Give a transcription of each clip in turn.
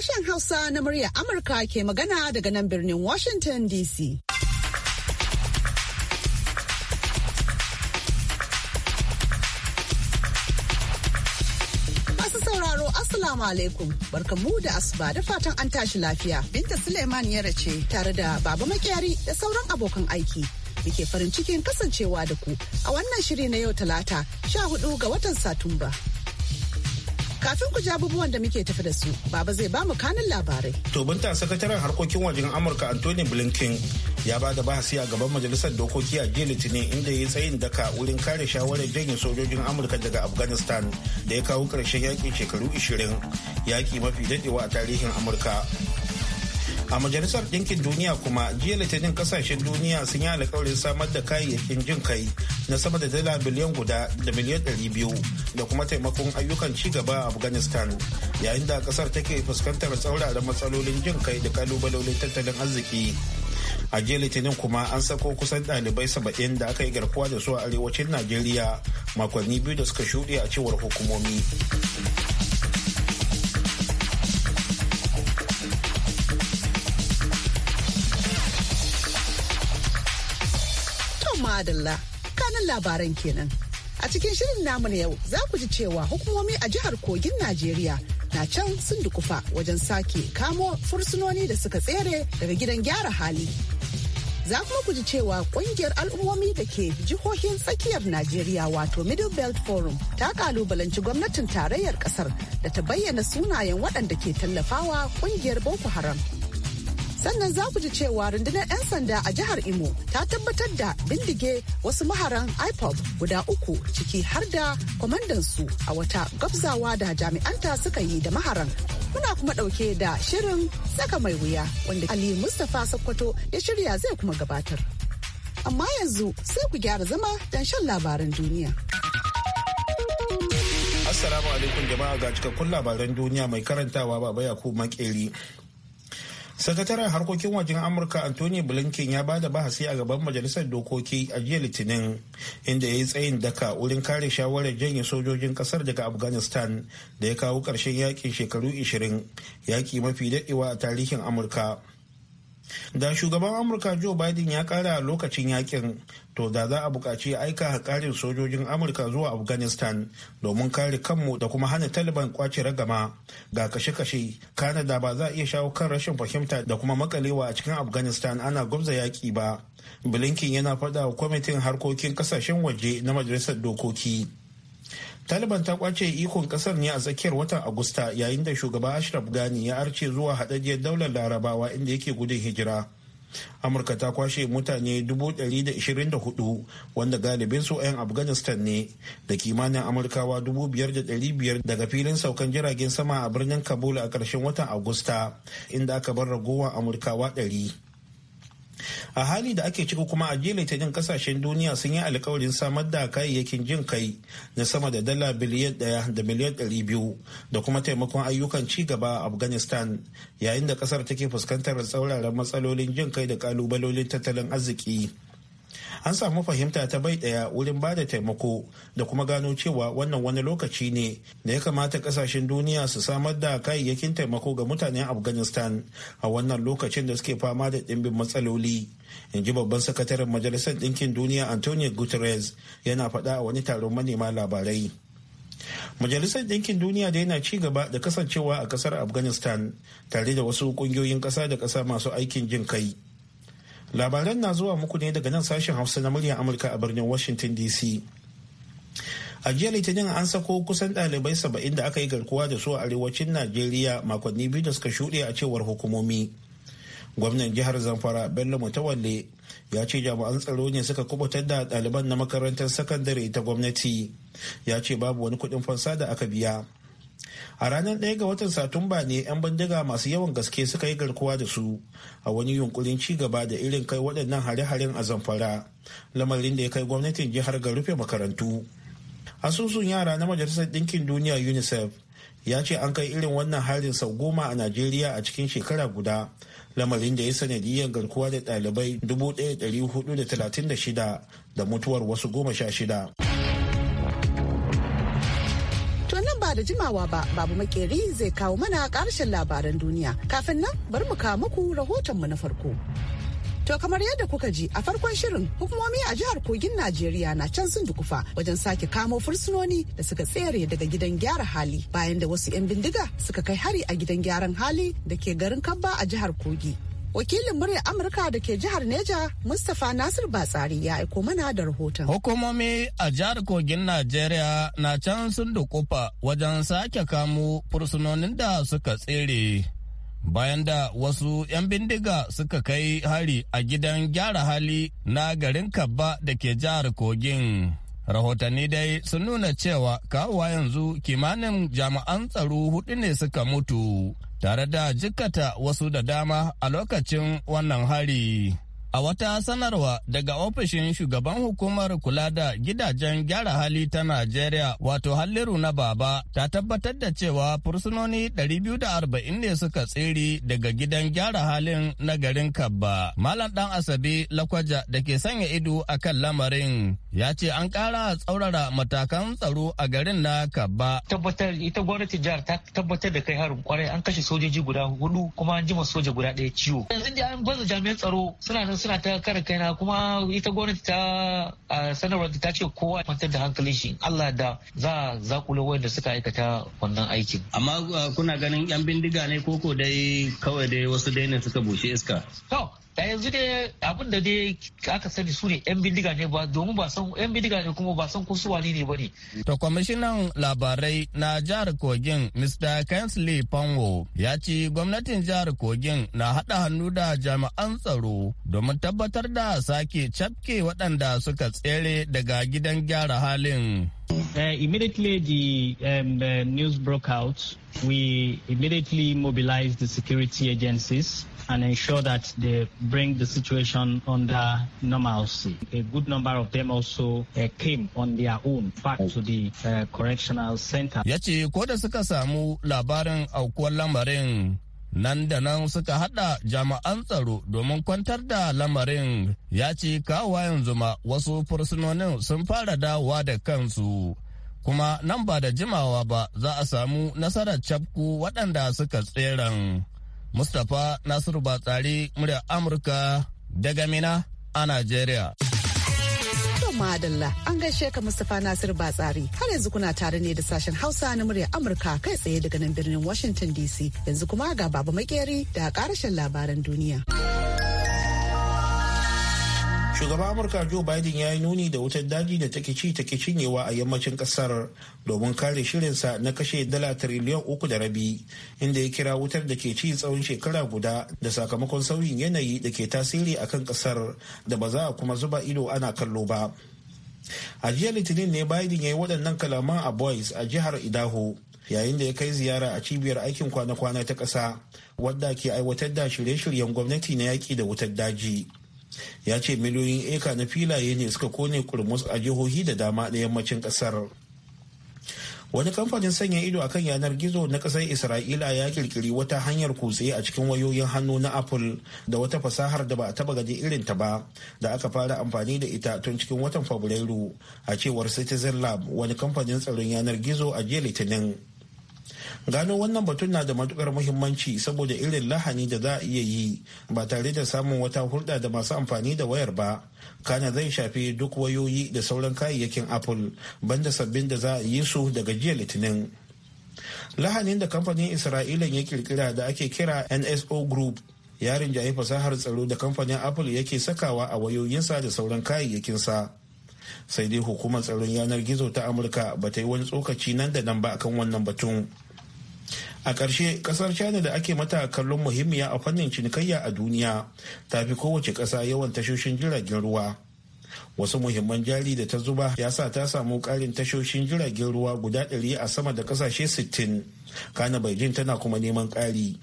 sashen Hausa na murya Amurka ke magana daga nan birnin Washington DC. Masu sauraro Assalamu alaikum barkamu da asuba da fatan an tashi lafiya. Binta Suleiman ya race tare da Baba makyari da sauran abokan aiki. Muke farin cikin kasancewa da ku a wannan shiri na yau talata 14 ga watan Satumba. Kafin ku ji abubuwan da muke tafi da su, Baba zai ba mu kanin labarai. To binta sakataren harkokin wajen Amurka Anthony Blinken ya ba da bahasi a gaban majalisar dokoki a jiya Litinin inda ya yi tsayin daka wurin kare shawarar janye sojojin Amurka daga Afghanistan da ya kawo ƙarshen yakin shekaru 20, yaki mafi daɗewa a tarihin Amurka. a majalisar ɗinkin duniya kuma jiya litinin ƙasashen duniya sun yi alkawarin samar da kayayyakin jin kai na sama da dala biliyan guda da miliyan ɗari biyu da kuma taimakon ayyukan ci gaba a afghanistan yayin da kasar take fuskantar tsauraran matsalolin jin kai da kalubalolin tattalin arziki a jiya litinin kuma an sako kusan ɗalibai saba'in da aka yi garkuwa da su a arewacin najeriya makonni biyu da suka shuɗe a cewar hukumomi madalla kanan labaran kenan. A cikin shirin namu na yau za ku ji cewa hukumomi a jihar Kogin Najeriya na can sun dukufa wajen sake kamo fursunoni da suka tsere daga gidan gyara hali. Za kuma ku ji cewa kungiyar al'ummomi da ke jihohin tsakiyar Najeriya wato Middle Belt Forum ta kalubalanci gwamnatin tarayyar kasar da ta bayyana sunayen waɗanda ke tallafawa kungiyar Boko Haram. sannan za ku ji cewa rundunar 'yan sanda a jihar imo ta tabbatar da bindige wasu maharan ipob guda uku ciki har da kwamandansu a wata gabzawa da jami'anta suka yi da maharan muna kuma ɗauke da shirin saka mai wuya wanda ali mustapha sokoto ya shirya zai kuma gabatar amma yanzu sai ku gyara zama don shan labaran duniya assalamu alaikum jama'a ga cikakkun labaran duniya mai karantawa baba yakubu makeri sakataren harkokin wajen amurka anthony blinken ya bada bahasi a gaban majalisar dokoki a jiya litinin inda ya yi tsayin daka wurin kare shawarar janye sojojin kasar daga afghanistan da ya kawo ƙarshen yakin shekaru 20 yaki mafi daɗewa a tarihin amurka da shugaban amurka joe biden ya kara lokacin yakin to da za a buƙaci aika karin sojojin amurka zuwa afghanistan domin kare kanmu da kuma hana taliban kwace ragama ga kashe-kashe kanada ba za a iya shawo kan rashin fahimta da kuma makalewa a cikin afghanistan ana gwabza yaƙi ba blinken yana faɗa wa kwamitin harkokin ƙasashen waje na majalisar dokoki taliban ta kwace ikon kasar ne a tsakiyar watan agusta yayin da shugaba ashraf gani ya arce zuwa hadajiyar daular larabawa inda yake gudun hijira amurka ta kwashe mutane 124 wanda galibin su 'yan afghanistan ne da kimanin amurkawa 5,500 daga filin saukan jiragen sama a birnin kabul a ƙarshen watan agusta inda aka bar ragowar amurkawa 100 a hali da ake ciki kuma a jela ta jin kasashen duniya sun yi alkawarin samar da kayayyakin jin kai na sama da dala biliyan daya da miliyan ɗari biyu da kuma taimakon ayyukan ci gaba a afghanistan yayin da kasar take fuskantar tsauraran matsalolin jin kai da kalubalolin tattalin arziki an samu fahimta ta bai daya wurin ba da taimako da kuma gano cewa wannan wani lokaci ne da ya kamata kasashen duniya su samar da kayayyakin taimako ga mutanen afghanistan a wannan lokacin da suke fama da ɗimbin matsaloli in ji babban sakataren majalisar ɗinkin duniya antonio guterres yana faɗa a wani taron manema labarai majalisar ɗinkin duniya da yana ci gaba da kasancewa a ƙasar afghanistan tare da wasu ƙungiyoyin ƙasa da ƙasa masu aikin jin kai labaran na zuwa muku ne daga nan sashen hausa na muryar amurka a birnin washington dc a jiya litinin an sako kusan dalibai saba'in da aka yi garkuwa da su a arewacin najeriya makonni biyu da suka shuɗe a cewar hukumomi gwamnan jihar zamfara bello mutawalle ya ce jami'an tsaro ne suka kubutar da ɗaliban na makarantar sakandare ta gwamnati ya ce babu wani kuɗin fansa da aka biya a ranar ɗaya ga watan satumba ne 'yan bindiga masu yawan gaske suka yi garkuwa da su a wani yunkurin ci gaba da irin kai waɗannan hare-haren a zamfara lamarin da ya kai gwamnatin jihar ga rufe makarantu asusun yara na majalisar ɗinkin duniya unicef ya ce an kai irin wannan harin sau goma a najeriya a cikin shekara guda lamarin da ya sanadiyyar garkuwa da ɗalibai 1436 da mutuwar wasu goma sha shida. ba da jimawa ba babu makeri zai kawo mana karshen labaran duniya kafin nan bari mu kawo muku mu na farko To kamar yadda kuka ji a farkon shirin hukumomi a jihar kogin Najeriya na can sun dukufa wajen sake kamo fursunoni da suka tsere daga gidan gyara hali bayan da wasu 'yan bindiga suka kai hari a gidan gyaran hali da ke garin Kabba a jihar Kogi. wakilin muryar amurka da ke jihar neja mustapha nasir batsari ya aiko mana da rahoton hukumomi a jihar kogin najeriya na can sun dukufa wajen sake kamo fursunonin da suka tsere bayan da wasu 'yan bindiga suka kai hari a gidan gyara hali na garin kabba da ke jihar kogin rahotanni dai sun nuna cewa kawowa yanzu kimanin jami'an tsaro hudu ne suka mutu tare da jikkata wasu da dama a lokacin wannan hari. A wata sanarwa daga ofishin shugaban hukumar kula da gidajen gyara hali ta Najeriya wato Halliru na Baba ta tabbatar da cewa fursunoni 240 ne suka tsere daga gidan gyara halin na garin Kabba. Malam Dan Asabe Lakwaja da ke sanya ido a kan lamarin ya ce an kara tsaurara matakan tsaro a garin na Kabba. Tabbatar ita gwamnati jihar ta tabbatar da kai harin kwarai an kashe sojoji guda hudu kuma an jima soja guda ɗaya ciwo. Yanzu da an baza jami'an tsaro suna suna ta kare kaina kuma ita gwamnati ta sanarwar ta ce kowa kwantar da hankali shi Allah da za a kula wanda suka aikata wannan aikin amma kuna ganin yan bindiga ne koko dai kawai dai wasu dai ne suka bushe iska to yanzu dai abin da dai aka sani su ne yan bindiga ne ba domin ba san yan bindiga ne kuma ba san ko su wani ne ba ne. To kwamishinan labarai na jihar Kogin Mr. Kensley Panwo ya ce gwamnatin jihar Kogin na haɗa hannu da jami'an tsaro domin tabbatar da sake cafke waɗanda suka tsere daga gidan gyara halin. Uh, immediately the, the um, uh, news broke out, we immediately mobilized the security agencies and ensure that they bring the situation under normalcy. A good number of them also uh, came on their own back to the uh, correctional center. Ya ce ko da suka samu labarin aukuwar lamarin nan da nan suka hada jami'an tsaro domin kwantar da lamarin ya ce kawo yanzu ma wasu fursunonin sun fara dawowa da kansu. Kuma nan ba da jimawa ba za a samu nasarar cafku waɗanda suka tseren. Mustapha Nasiru Batsari murya Amurka daga Mina a Najeriya. Madalla an gaishe ka Mustapha Nasiru Batsari har yanzu kuna tare ne da sashen Hausa na murya Amurka kai tsaye daga nan birnin Washington DC yanzu kuma ga Baba Makeri da karashen labaran duniya. shugaban amurka joe biden ya yi nuni da wutar daji da take ci take cinyewa a yammacin kasar domin kare shirinsa na kashe dala tiriliyan uku da rabi inda ya kira wutar da ke ci tsawon shekara guda da sakamakon sauyin yanayi da ke tasiri a kan kasar da ba za a kuma zuba ido ana kallo ba a jiya litinin ne biden ya yi waɗannan kalaman a boys a jihar idaho yayin da ya kai ziyara a cibiyar aikin kwana-kwana ta ƙasa wadda ke aiwatar da shirye-shiryen gwamnati na yaƙi da wutar daji ya ce miliyoyin eka na filaye ne suka kone kurmus a jihohi da dama na yammacin kasar wani kamfanin sanya ido a kan yanar gizo na kasar isra'ila ya kirkiri wata hanyar kutse a cikin wayoyin hannu na apple da wata fasahar da ba a taba gani irin ta ba da aka fara amfani da ita tun cikin watan fabrairu a cewar citizen lab wani kamfanin tsaron yanar gizo a jiya litinin gano wannan batun na da matukar muhimmanci saboda irin lahani da za a iya yi ba tare da samun wata hulɗa da masu amfani da wayar ba kana zai shafi duk wayoyi da sauran kayayyakin apple banda sabbin da za a yi su daga jiya litinin lahanin da kamfanin isra'ila ya kirkira da ake kira nso group ya rinjaye fasahar tsaro da kamfanin apple yake sakawa a wayoyinsa da sauran kayayyakinsa sai dai hukumar tsaron yanar gizo ta amurka ba ta yi wani tsokaci nan da nan ba akan wannan batun a ƙarshe ƙasar china da ake mata kallon muhimmiya a fannin cinikayya a duniya ta fi kowace ƙasa yawan tashoshin jiragen ruwa wasu muhimman jari da ta zuba ya sa ta samu ƙarin tashoshin jiragen ruwa guda ɗari a sama da ƙasashe 60 kana beijing tana kuma neman ƙari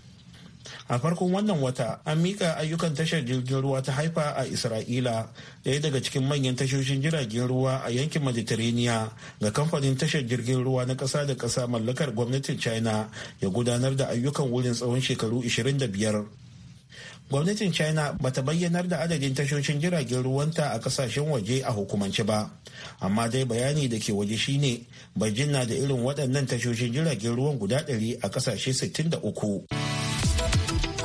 a farkon wannan wata an mika ayyukan tashar jirgin ruwa ta haifa a isra'ila daya daga cikin manyan tashoshin jiragen ruwa a yankin mediterania ga kamfanin tashar jirgin ruwa na ƙasa da ƙasa mallakar gwamnatin china ya gudanar da ayyukan wurin tsawon shekaru 25 gwamnatin china bata bayyanar da adadin tashoshin jiragen ruwanta a kasashen waje a hukumance ba amma dai bayani da ke waje shine beijing na da irin waɗannan tashoshin jiragen ruwan guda 100 a kasashe 63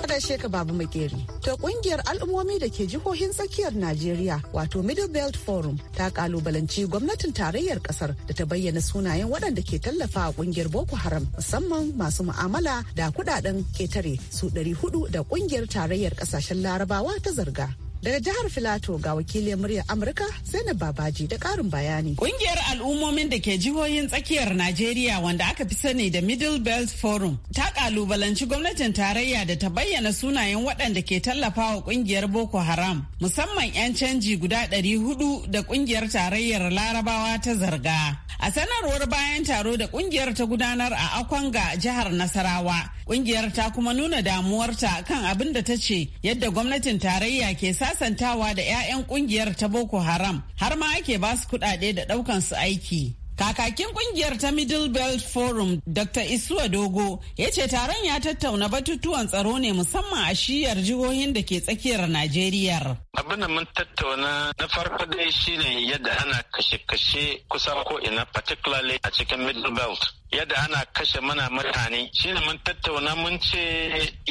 kada ka babu makeri. ta kungiyar al'ummomi da ke jihohin tsakiyar Najeriya wato Middle Belt Forum ta kalubalanci gwamnatin tarayyar kasar da ta bayyana sunayen waɗanda ke tallafa a kungiyar Boko Haram musamman masu mu'amala da kudaden ketare su hudu da kungiyar tarayyar kasashen Larabawa ta zarga. Daga jihar Filato ga wakilin muryar Amurka Zainab Babaji da karin bayani. Kungiyar al'ummomin da ke jihohin tsakiyar Najeriya wanda aka fi sani da Middle Belt Forum ta kalubalanci gwamnatin tarayya da ta bayyana sunayen waɗanda ke tallafawa kungiyar Boko Haram musamman 'yan canji guda 400 da kungiyar tarayyar Larabawa ta zarga. A sanarwar bayan taro da kungiyar ta gudanar a Akwanga jihar Nasarawa, kungiyar ta kuma nuna damuwarta kan abin da ta ce yadda gwamnatin tarayya ke sa sasantawa da 'ya'yan kungiyar ta Boko Haram har ma ake ba su kuɗaɗe da ɗaukan su aiki. Kakakin kungiyar ta Middle Belt Forum Dr. Isuwa Dogo ya ce taron ya tattauna batutuwan tsaro ne musamman a shiyar jihohin da ke tsakiyar Najeriya. Abin da mun tattauna na farko dai shine yadda ana kashe-kashe kusan ko ina particularly a cikin Middle Belt. yadda ana kashe mana mutane shine mun tattauna mun ce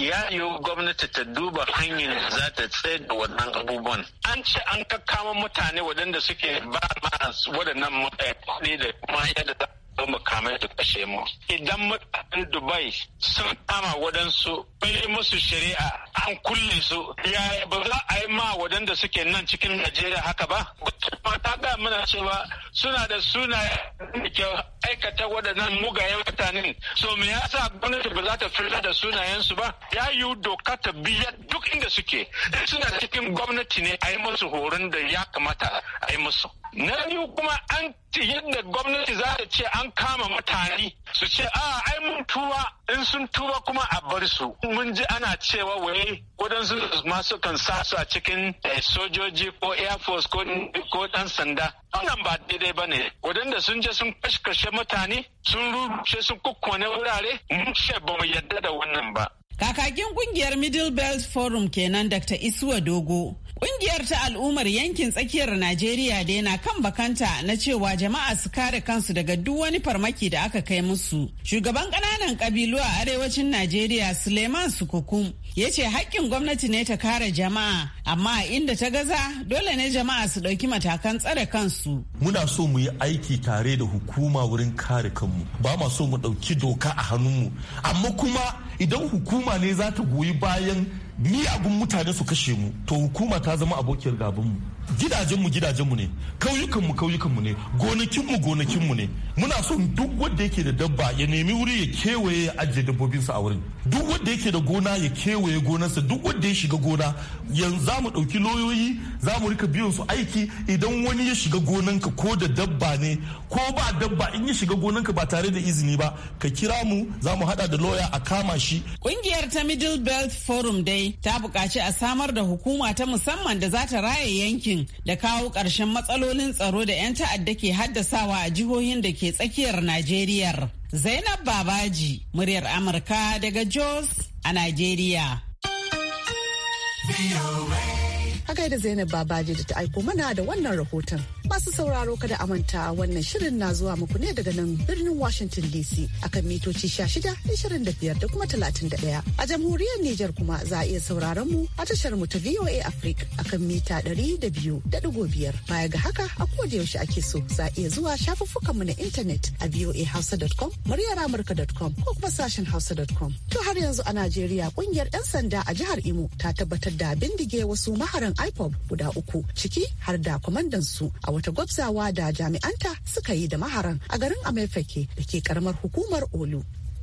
ya yiwu gwamnati ta duba hanyar da za ta tsaye da wannan abubuwan an ce an kakkama mutane waɗanda suke ba ma waɗannan mutane eh, da kuma yadda za makamai da kashe mu idan mutanen dubai sun kama waɗansu bai musu shari'a an kulle su Ya ba za a yi ma waɗanda suke nan cikin najeriya haka ba kuma ta ga muna cewa suna da sunaye da ke aikata waɗannan mugayen mutanen so me yasa gwamnati ba za ta fita da sunayensu ba ya yi doka ta biya duk inda suke suna cikin gwamnati ne a yi musu horon da ya kamata a yi musu na biyu kuma an yadda gwamnati za ta ce an kama mutane su ce a ai mun tuba in sun tuba kuma a bar su mun ji ana cewa waye wadansu masu kan sa su a cikin eh, sojoji ko air force ko dan sanda wannan ba daidai ba ne wadanda sun je sun kashkashe mutane sun rushe sun kukkone wurare mun ce ba mu yadda da wannan ba Kakakin kungiyar Middle Belt Forum kenan Dr. Isuwa Dogo Kungiyar ta al'ummar yankin tsakiyar Najeriya da yana kan bakanta na cewa jama'a su kare kansu daga duk wani farmaki da aka kai musu. Shugaban ƙananan ƙabilu a arewacin Najeriya Suleiman Sukukum ya ce haƙƙin gwamnati ne ta kare jama'a amma inda ta gaza dole ne jama'a su ɗauki matakan tsare kansu. Muna so mu yi aiki tare da hukuma wurin kare kanmu ba ma so mu ɗauki doka a hannunmu amma kuma idan hukuma ne za ta goyi bayan ni abun mutane su kashe mu to hukuma ta zama abokiyar gaban mu gidajenmu gidajenmu ne kauyukanmu kauyukanmu ne gonakinmu gonakinmu ne muna son duk wanda yake da dabba ya nemi wuri ya kewaye ya ajiye dabbobinsa a wurin duk wanda yake da gona ya kewaye gonarsa duk wanda ya shiga gona yanzu za mu ɗauki loyoyi za mu rika biyan su aiki idan wani ya shiga gonanka ko da dabba ne ko ba dabba in ya shiga gonanka ba tare da izini ba ka kira mu za mu haɗa da loya a kama shi. Ƙungiyar ta Middle Belt Forum dai ta bukaci a samar da hukuma ta musamman da za ta raya yanki. aikin da kawo ƙarshen matsalolin tsaro da 'yan ta'adda ke haddasawa a jihohin da ke tsakiyar Najeriya. Zainab Babaji, muryar Amurka daga Jos a Najeriya. a gaida Zainab Babaji da ta aiko mana da wannan rahoton. Masu sauraro kada a manta wannan shirin na zuwa muku ne daga nan birnin Washington DC akan mitoci 16, 25 da kuma 31. A jamhuriyar Nijar kuma za a iya sauraron mu a tashar mu ta VOA Africa akan mita da biyu 200.5. Baya ga haka a koda yaushe ake so za a iya zuwa shafuffukan mu na intanet a voahausa.com, muryar com ko kuma sashen hausa.com. To har yanzu a Najeriya kungiyar 'yan sanda a jihar Imo ta tabbatar da bindige wasu maharan ipob guda uku ciki har da kwamandan su a wata gwabzawa da jami'anta suka yi da maharan a garin amefake da ke karamar hukumar olu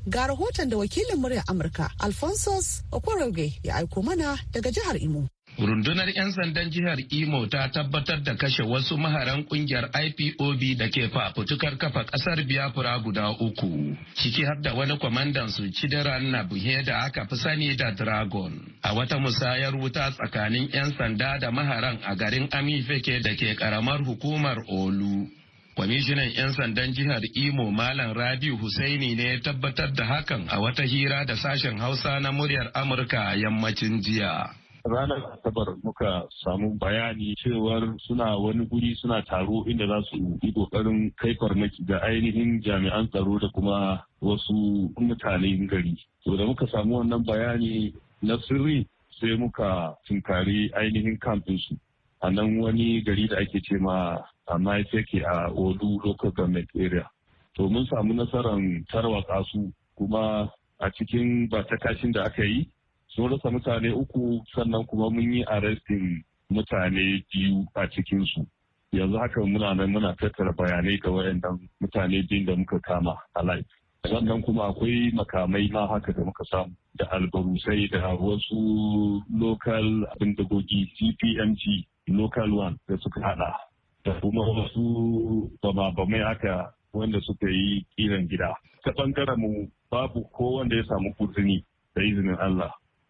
ga rahoton da wakilin muryar amurka alphonsus okoroge ya aiko mana daga jihar imo Rundunar 'yan sandan jihar Imo ta tabbatar da kashe wasu maharan kungiyar IPOB da ke fafutukar kafa ƙasar Biafra guda uku, ciki har da wani kwamandan su Chidiran Nabuhe da aka fi sani da Dragon. A wata musayar wuta tsakanin 'yan sanda da maharan a garin Amifeke da ke karamar hukumar Olu. Kwamishinan 'yan sandan jihar Imo Malam Rabiu Husaini ne ya tabbatar da hakan a wata hira da sashen Hausa na muryar Amurka yammacin jiya. ranar asabar muka samu bayani cewar suna wani guri suna taro inda za su yi kokarin kai farmaki ga ainihin jami'an tsaro da kuma wasu mutane gari to da muka samu wannan bayani na sirri sai muka tunkari ainihin kamfinsu a nan wani gari da ake ce ma a maifeke a odu local government area to mun samu nasarar tarwatsa su kuma a cikin kashin da aka yi sun rasa mutane uku sannan kuma mun yi arrestin mutane biyu a cikinsu yanzu haka muna nan muna tattara bayanai ga wayannan mutane biyu da muka kama a live sannan kuma akwai makamai ma haka da muka samu da albarusai da wasu local bindigogi cpmg local one da suka hada da kuma wasu bama-bamai haka wanda suka yi kiran gida ta bangaren mu babu ko ya samu kuzini da izinin Allah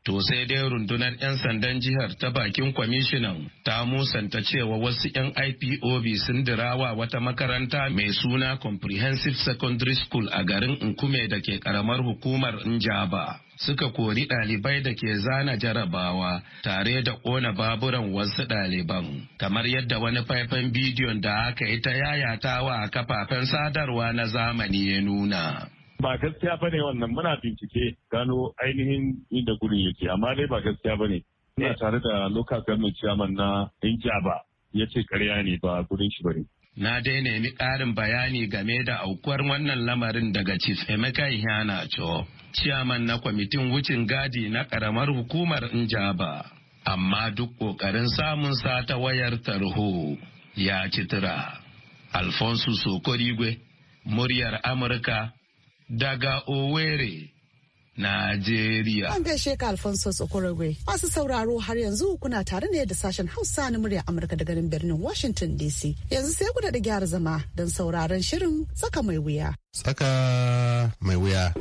To sai dai rundunar 'yan sandan jihar ta bakin kwamishinan ta musanta cewa wasu 'yan IPOB sun dirawa wata makaranta mai suna Comprehensive Secondary School a garin Nkume da ke karamar hukumar Njaba. Suka kori ɗalibai da ke zana jarabawa tare da kona baburan wasu ɗaliban. Kamar yadda wani faifan bidiyon da aka yi ta yayatawa a kafafen sadarwa na zamani ya nuna. ba gaskiya ba ne wannan muna bincike gano ainihin inda gurin yake amma dai ba gaskiya ba ne ina eh. tare da local government chairman na ba ya ce karya ne ba gurin shi ba ne na dai nemi ƙarin bayani game da aukuwar wannan lamarin daga chief emeka ihana cho ciyaman na kwamitin wucin gadi na ƙaramar hukumar injaba amma duk ƙoƙarin samun sa ta wayar tarho ya ci tura alfonso sokorigwe muryar amurka daga Owerri. Najeriya. An gaishe ka Alfonso Sokorogwe. Masu sauraro har yanzu kuna tare ne da sashen Hausa na murya Amurka da garin birnin Washington DC. Yanzu sai ku da gyara zama don sauraron shirin saka mai wuya. saka mai wuya.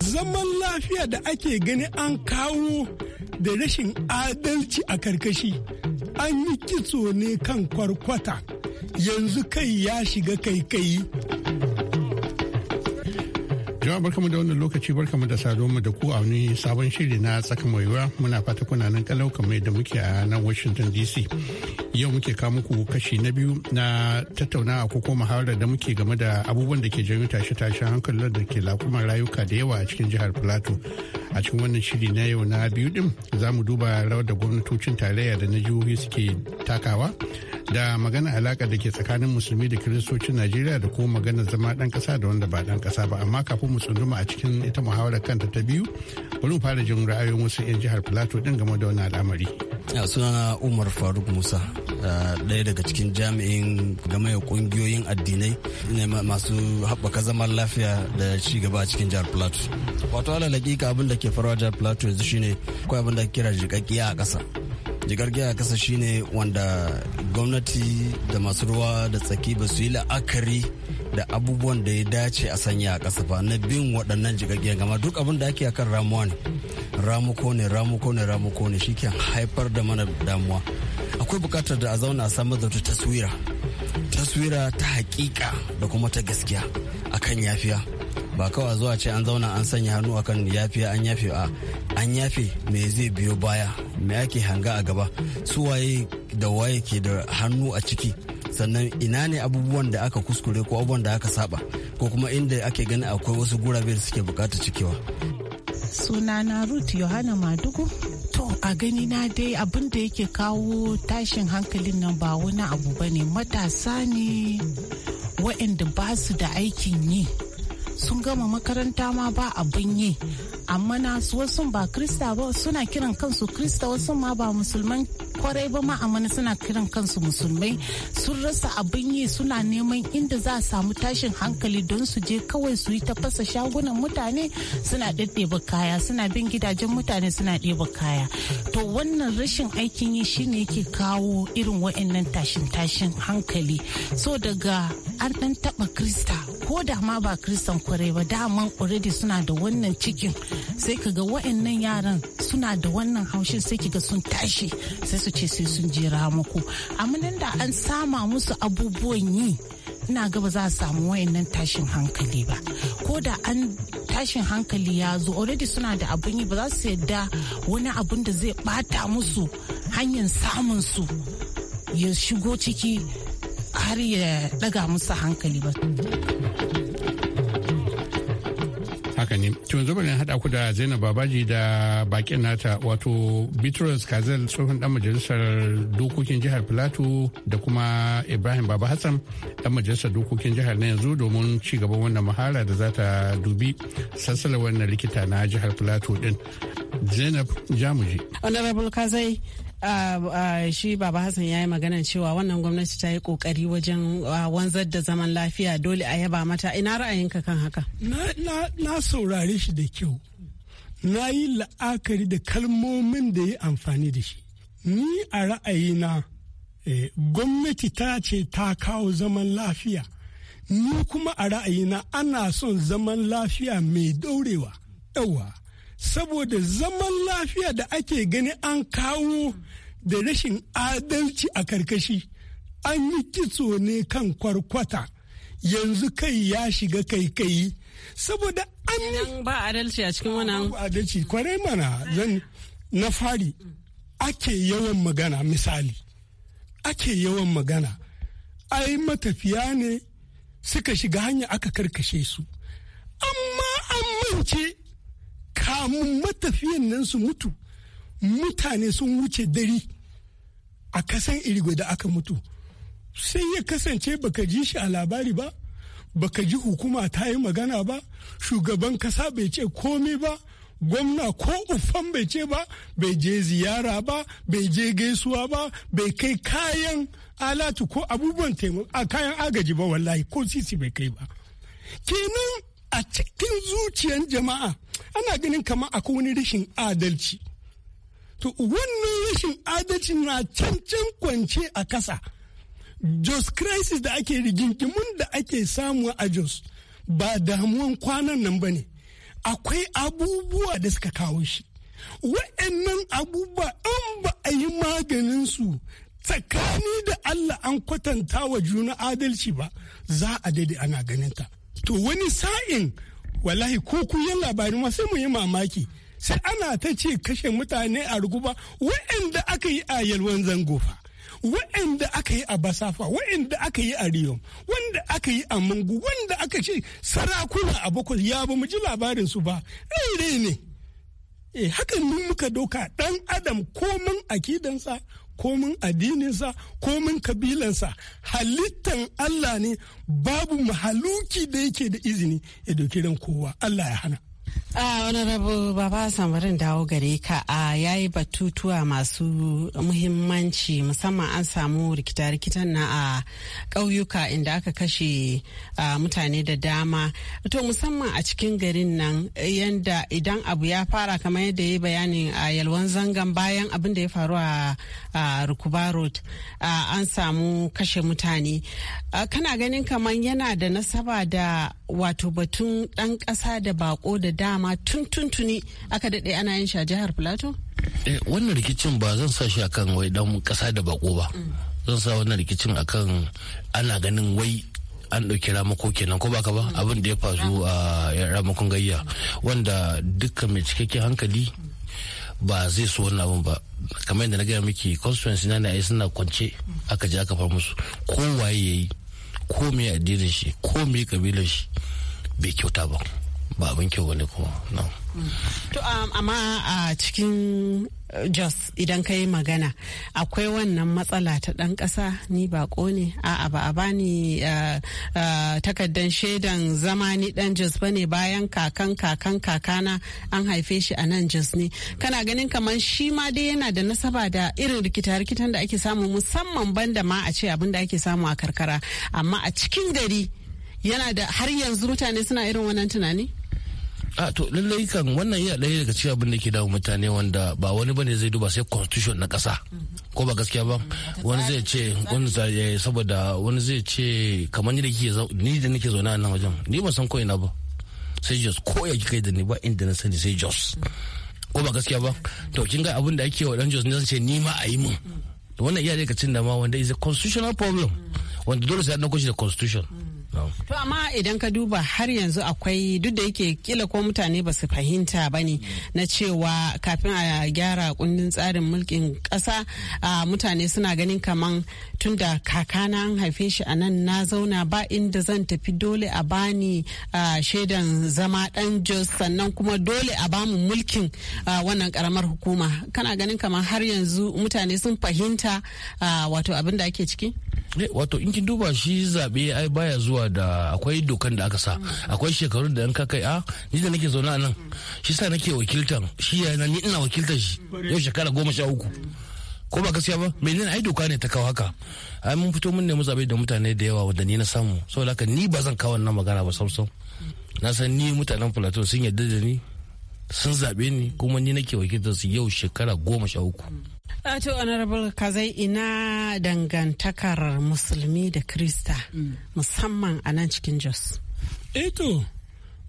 Zaman lafiya da ake gani an kawo da rashin adalci a karkashi. An yi kitso ne kan kwarkwata. Yanzu kai ya shiga kai kai. Jama'a barkamu da wannan lokaci barkamu da saduwa da ku a wani sabon shiri na tsaka mai muna fata kuna nan kalau kamar yadda muke a nan Washington DC. Yau muke kawo muku kashi na biyu na tattaunawa ko kuma muhawarar da muke game da abubuwan da ke janyo tashe-tashen hankalin da ke lakuma rayuka da yawa a cikin jihar Plateau. a cikin wannan shiri na yau na biyu din za mu duba rawar da gwamnatocin tarayya da na jihohi suke takawa da magana alaka da ke tsakanin musulmi da kiristocin najeriya da kuma magana zama dan kasa da wanda ba dan kasa ba amma kafin mu tsunduma a cikin ita muhawarar kanta ta biyu bari mu fara jin ra'ayoyin wasu 'yan jihar plateau din game da wani al'amari sunana umar faruk musa ɗaya daga cikin jami'in game da ƙungiyoyin addinai ne masu haɓaka zaman lafiya da ci gaba a cikin jihar plateau wato ala abin da ke farawa jihar plateau yanzu shine akwai abin da kira jiƙaƙƙiya a ƙasa jigargiya ƙasa shine wanda gwamnati da masu ruwa da tsaki ba su yi la'akari da abubuwan da ya dace a sanya a ƙasa ba na bin waɗannan jigaggiyar gama duk abin da ake kan ramuwa ne ramuko ne ramuko ne ramuko ne shi ke haifar da mana damuwa akwai bukatar da a zauna a samar da taswira taswira ta hakika da kuma ta gaskiya akan yafiya ba kawai zuwa ce an zauna an sanya hannu akan yafiya an yafe a an yafe me zai biyo baya me ake hanga a gaba su waye da waye ke da hannu a ciki sannan ina ne abubuwan da aka kuskure ko abubuwan da aka saba ko kuma inda ake gani akwai wasu gurabe da suke bukata cikewa sunana ruth yohana madugu to a gani na dai abin da yake kawo tashin hankalin nan ba wani abu ba ne matasa ne wa'inda ba su da aikin yi sun gama makaranta ma ba abin yi amma na wasu ba krista ba suna kiran kansu krista wasu ma ba musulman kwarai ba ma amana suna kiran kansu musulmai sun rasa abin yi suna neman inda za a samu tashin hankali don su je kawai su yi ta fasa shagunan mutane suna ɗaɗɗeba kaya suna bin gidajen mutane suna ɗeba kaya to wannan rashin aikin yi shine yake kawo irin wa'annan tashin tashin hankali so daga an ɗan taɓa krista ko da ma ba kristan kwarai ba dama already suna da wannan cikin sai kaga wa'annan yaran suna da wannan haushin sai kiga sun tashi sai su ce sai sun jira muku amma nan da an sama musu abubuwan yi ina ga ba za a samu wayannan tashin hankali ba ko da an tashin hankali ya zo already suna da abin yi ba za su yadda wani abin da zai bata musu hanyar samun su ya shigo ciki har ya daga musu hankali ba haka ne to yanzu bari haɗa ku da zainab babaji da bakin nata wato bitrus kazel tsohon dan majalisar dokokin jihar plateau da kuma ibrahim baba hassan dan majalisar dokokin jihar na yanzu domin ci gaban wannan mahara da zata dubi sassalar wannan likita na jihar plateau din zainab jamuji honorable kazai shi baba hassan ya yi magana cewa wannan gwamnati ta yi kokari wajen wanzar da zaman lafiya dole a yaba mata ina ra'ayinka kan haka na saurare shi da kyau na yi la'akari da kalmomin da ya amfani da shi ni a ra'ayina eh, gwamnati ta ce ta kawo zaman lafiya ni kuma a ra'ayina ana son zaman lafiya mai daurewa yawa saboda zaman lafiya da ake gani an kawo da rashin adalci a karkashi an yi kitso ne kan kwarkwata yanzu kai ya shiga kai kai saboda an ba adalci a cikin wannan adalci kwarai mana zan na fari ake yawan magana misali ake yawan magana ai matafiya ne suka shiga hanya aka karkashe su amma an mance kamun matafiyan nan su mutu mutane sun wuce dari a kasan irigo da aka mutu sai ya kasance baka ji shi a labari ba baka ji hukuma ta yi magana ba shugaban kasa bai ce komai ba gwamna ko uffan bai ce ba bai je ziyara ba bai je gaisuwa ba bai kai kayan alatu ko abubuwan taimako a kayan agaji ba wallahi ko sisi bai kai ba kenan a cikin zuciyar jama'a ana ganin kamar akwai wani rashin adalci to wannan rashin adalci na cancan kwance a kasa jos crisis da ake rigingimun da ake samu a jos ba damuwan kwanan nan ba ne akwai abubuwa da suka kawo shi wa'annan abubuwa an ba a yi maganinsu tsakani da allah an kwatanta wa juna adalci ba za a daidai ana ganinta to wani sa'in wallahi ko labarin ma sai mu yi mamaki sai ana ta ce kashe mutane a ruguba wa'inda aka yi a yalwan zango fa Wa'inda aka yi a basafa wa'inda aka yi a riyom wanda aka yi a mungu wanda aka ce sarakuna a bakwai ya ba mu ji labarin su ba rai ne eh hakan mun muka doka ɗan adam komin akidansa komin addininsa ko komin kabilansa halittan Allah ne babu mahaluki da yake da izini ya doki ran kowa Allah ya hana A ah, wani rabu baba samarin dawo gare ka ah, a yayi batutuwa masu muhimmanci musamman an samu rikita-rikitan na a ƙauyuka inda aka kashe ah, mutane da dama to musamman a cikin garin nan eh, yadda idan abu ya fara kamar yadda ya yi bayanin a yalwan zangan bayan abin da ya faru a rukuba road an samu kashe mutane kana ganin kamar yana da nasaba da wato batun ɗan ƙasa da bako da dama tun tuntuni aka daɗe ana yin shi a jihar plateau? Eh, wannan rikicin ba zan sa shi akan wai ɗan ƙasa da bako ba mm. zan sa wannan rikicin akan ana ganin wai an ɗauki ramako kenan ko baka ba mm. abin da ya faru a ramakon gayya wanda dukkan mai cikakken hankali ba zai so wannan abin ba kamar yadda na gaya miki constituency na na suna kwance mm. aka ji aka faru musu kowaye ya yi ko me addinin shi ko me kabilar shi bai kyauta ba ba abin kyau ne kuma na'am To um, amma a cikin uh, Jos idan ka yi magana akwai wannan matsala ta ɗan ƙasa ni bako ne a'a ba a bani uh, uh, takardan shaidan zama ni ɗan Jos ba ne bayan kakan kakan kakana an haife shi a nan Jos ne kana ganin kamar shi ma dai yana da nasaba da irin rikita-rikitan da ake samu musamman banda ma a ce abin da ake samu a karkara amma a cikin gari yana da har yanzu mutane suna irin wannan tunani? a to lallai kan wannan yana ɗaya daga cikin abin da ke dawo mutane wanda ba wani bane zai duba sai constitution na ƙasa ko ba gaskiya ba mm, wani zai ce wani eh, saboda wani zai ce kamar ni da kike ni da nake zaune a nan wajen ni ban san ko ina ba sai jos ko ya kai da ni ba inda na sani sai jos ko ba gaskiya ba to kin ga abin da ake wa dan jos ne zan ce ni ma a yi min wannan iya daga cikin da ma wanda is a constitutional problem mm. wanda dole sai an dauko shi da constitution mm. To amma idan ka duba har yanzu akwai duk da yake kila ko mutane ba su fahimta ba ne na cewa kafin a gyara kundin tsarin mulkin ƙasa mutane suna ganin kaman tunda da kakana an haife shi a nan na zauna ba inda zan tafi dole a bani shaidan zama ɗan jos sannan kuma dole a bamu mulkin wannan karamar hukuma kana ganin kaman har yanzu mutane sun fahimta wato abin da ake ciki eh, wato in kin duba shi zaɓe ai baya zuwa da akwai dokan da aka sa akwai shekaru da yan ka a ah, ni da nake zaune a nan shi sa nake wakiltan shi yana ni ina wakiltan shi yau shekara goma sha uku ko ba gaskiya ba menene ai doka ne ta kawo haka ai mun fito mun nemi zabe da mutane da yawa wanda ni na samu saboda haka ni ba zan kawo wannan magana ba sam na san ni mutanen plateau sun yarda da ni sun zaɓe ni kuma ni nake wakiltar su yau shekara goma sha uku. to honorable kazai ina dangantakar musulmi da krista mm. musamman a nan cikin jos eto eh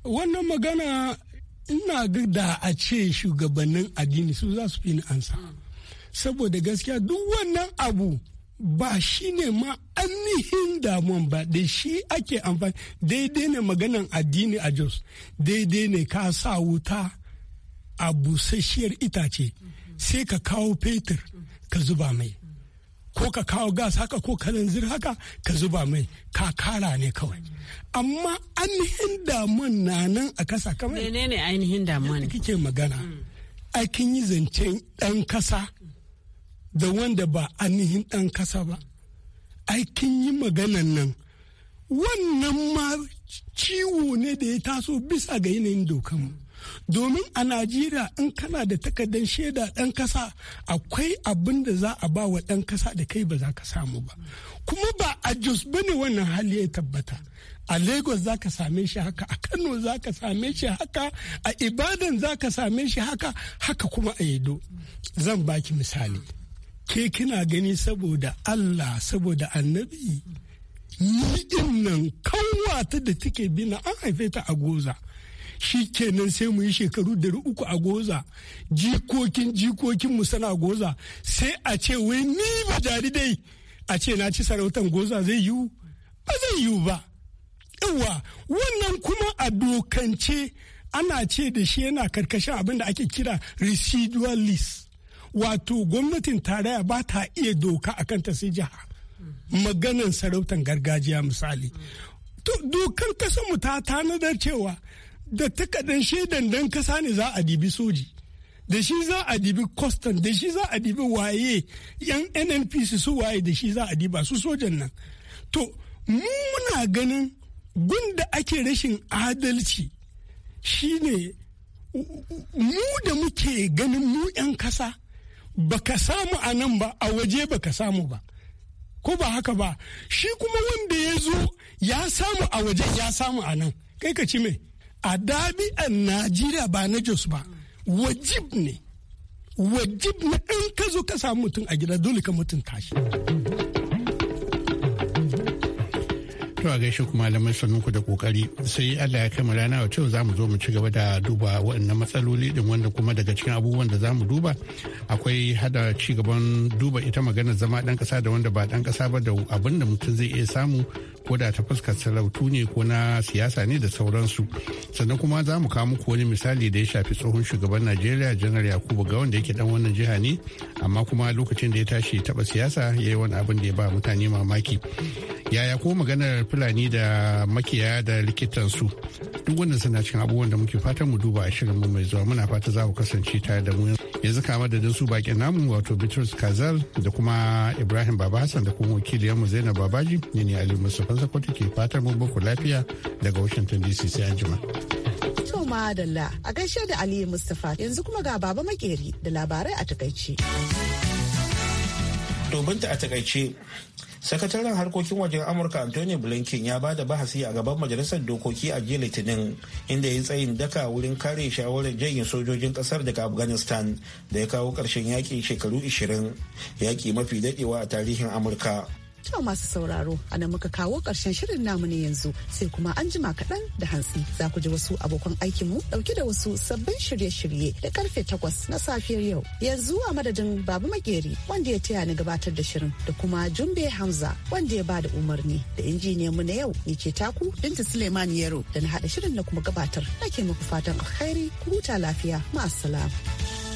wannan magana ina da a ce shugabannin addini su za su fi ni ansa saboda gaskiya duk wannan abu ba shi ne ma ainihin damuwan ba da shi ake amfani daidai ne maganan addini a jos daidai ne ka sa wuta a busasshiyar itace sai ka kawo fetur ka zuba mai ko ka kawo gas haka ko ka kalanzir haka ka zuba mai ka kara ne kawai amma ainihin damuwan na nan a kasa kamar ne ainihin damuwan ne kike magana aikin yi zancen dan kasa da wanda ba ainihin dan kasa ba aikin yi maganan nan wannan ma ciwo ne da ya taso bisa ga yanayin dokan mu. domin a najeriya in kana da takardar shaida ɗan kasa akwai abin da za a ba wa ɗan kasa da kai ba za ka samu ba kuma ba a jos ne wannan hali ya tabbata a lagos za ka same shi haka a kano za ka same shi haka a ibadan za ka same shi haka haka kuma a yado zan baki misali ke kina gani saboda allah saboda annabi ni nan kawata da take bina an haife ta a goza shi kenan sai mu yi shekaru dari uku a goza jikokin jikokin mu sana goza sai a ce wai ni ba jari dai a ce na ci sarautan goza zai yiwu ba zai yiwu ba yawa wannan kuma a dokance ana ce da shi yana karkashin abin da ake kira residual wato gwamnatin tarayya ba ta iya doka a kanta sai jiha maganan sarautan gargajiya misali dokar kasanmu ta tanadar cewa da takardar shaidan dan kasa ne za a dibi soji da shi za a dibi kostan da shi za a dibi waye yan nnpc su waye da shi za a diba su sojan nan to mu muna ganin gunda ake rashin adalci shine mu da muke ganin mu 'yan kasa baka samu a nan ba a waje baka samu ba ko ba haka ba shi kuma wanda ya zo ya samu a waje ya samu a nan kai ka ci mai a dabi'an najeriya ba na jos ba wajib ne wajib ne in ka zo ka samu mutum a gida dole ka mutunta tashi. To a gaishe kuma malaman sannan ku da kokari sai Allah ya kai mu rana wacce za mu zo mu ci gaba da duba waɗannan matsaloli din wanda kuma daga cikin abubuwan da zamu duba akwai hada ci gaban duba ita maganar zama dan kasa da wanda ba dan kasa ba da abin da mutum zai iya samu ko da ta fuskar sarautu ne ko na siyasa ne da sauransu sannan kuma za mu kawo muku wani misali da ya shafi tsohon shugaban najeriya janar yakubu ga wanda yake dan wannan jiha ne amma kuma lokacin da ya tashi taba siyasa ya yi wani abin da ya ba mutane mamaki yaya ko maganar fulani da makiyaya da likitansu duk wannan suna cikin abubuwan da muke fatan mu duba a shirin mu mai zuwa muna fata za ku kasance tare da mu yanzu kama da su baƙin namu wato bitrus kazal da kuma ibrahim baba hassan da kuma wakiliyarmu zainab babaji ne ne ali mustapha sakwata ke fatar mun baku lafiya daga washington dc sai an jima to madalla a gaishe da ali mustafa yanzu kuma ga baba makeri da labarai a takaice. To binta a takaice sakataren harkokin wajen amurka anthony blinken ya ba da bahasi a gaban majalisar dokoki a jiya litinin inda ya yi tsayin daka wurin kare shawarar jayin sojojin kasar daga afghanistan da ya kawo ƙarshen yaƙin shekaru 20 yaƙi mafi daɗewa a tarihin amurka To masu sauraro, a ana muka kawo karshen shirin namu ne yanzu sai kuma an jima kaɗan da hantsi za ku ji wasu abokan aikinmu ɗauki da wasu sabbin shirye-shirye da karfe takwas na safiyar yau. Yanzu a madadin Babu Makeri wanda ya taya ni gabatar da shirin da kuma Jumbe Hamza wanda ya bada umarni da injiniyan mu na yau ni ce taku Binta Suleiman yaro da na haɗa shirin na kuma gabatar. Nake muku fatan alkhairi, ku huta lafiya, ma'asalam.